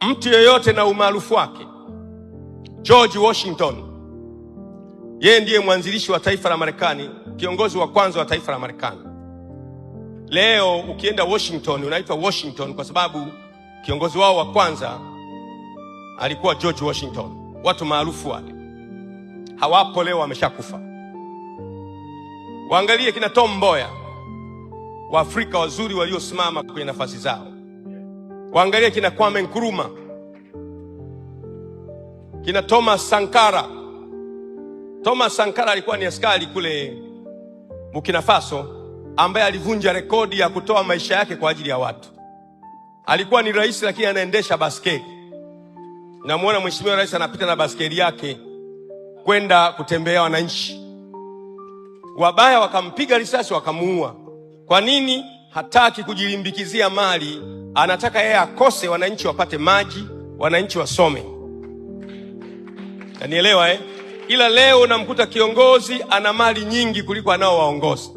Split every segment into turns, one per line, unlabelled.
Mtu yeyote na umaarufu wake. George Washington, yeye ndiye mwanzilishi wa taifa la Marekani, kiongozi wa kwanza wa taifa la Marekani. Leo ukienda Washington unaitwa Washington kwa sababu kiongozi wao wa kwanza alikuwa George Washington. Watu maarufu wale hawapo leo, wameshakufa. Waangalie kina Tom Mboya, Waafrika wazuri waliosimama kwenye nafasi zao waangalia kina Kwame nkuruma kina Thomas Sankara. Thomas Sankara alikuwa ni askari kule Burkina Faso ambaye alivunja rekodi ya kutoa maisha yake kwa ajili ya watu. Alikuwa ni rais, lakini anaendesha baskeli. Namwona mheshimiwa rais anapita na baskeli yake kwenda kutembea wananchi. Wabaya wakampiga risasi wakamuua. Kwa nini? hataki kujilimbikizia mali, anataka yeye akose, wananchi wapate maji, wananchi wasome. Nanielewa eh? Ila leo unamkuta kiongozi ana mali nyingi kuliko anaowaongoza.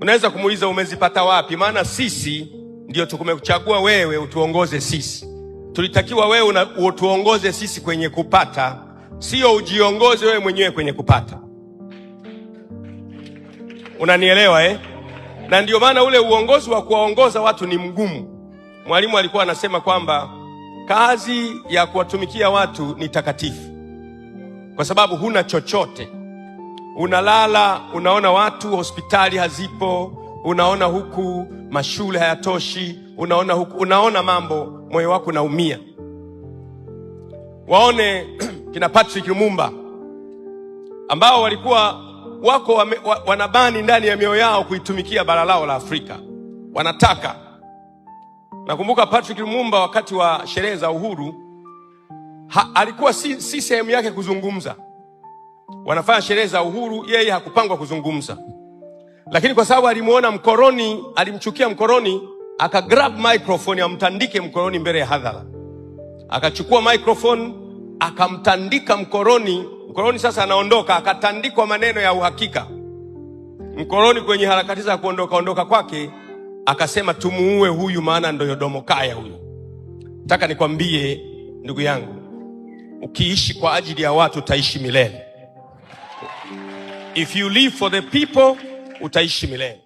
Unaweza kumuuliza umezipata wapi? Maana sisi ndio tukumekuchagua wewe utuongoze sisi, tulitakiwa wewe utuongoze sisi kwenye kupata, sio ujiongoze wewe mwenyewe kwenye kupata. Unanielewa eh? na ndio maana ule uongozi wa kuwaongoza watu ni mgumu. Mwalimu alikuwa anasema kwamba kazi ya kuwatumikia watu ni takatifu, kwa sababu huna chochote. Unalala, unaona watu hospitali hazipo, unaona huku mashule hayatoshi, unaona huku, unaona mambo, moyo wako unaumia. Waone kina Patrick Lumumba ambao walikuwa wako wame, wa, wanabani ndani ya mioyo yao kuitumikia bara lao la Afrika, wanataka. Nakumbuka Patrick Lumumba wakati wa sherehe za uhuru ha, alikuwa si, si sehemu yake kuzungumza. Wanafanya sherehe za uhuru, yeye hakupangwa kuzungumza, lakini kwa sababu alimuona mkoroni, alimchukia mkoroni, akagrab microphone amtandike mkoroni mbele ya hadhara, akachukua microphone akamtandika mkoroni. Mkoroni sasa anaondoka, akatandikwa maneno ya uhakika mkoroni. Kwenye harakati za kuondoka ondoka kwake akasema, tumuue huyu, maana ndo Yodomo kaya huyu. Nataka nikwambie ndugu yangu, ukiishi kwa ajili ya watu utaishi milele. If you live for the people utaishi milele.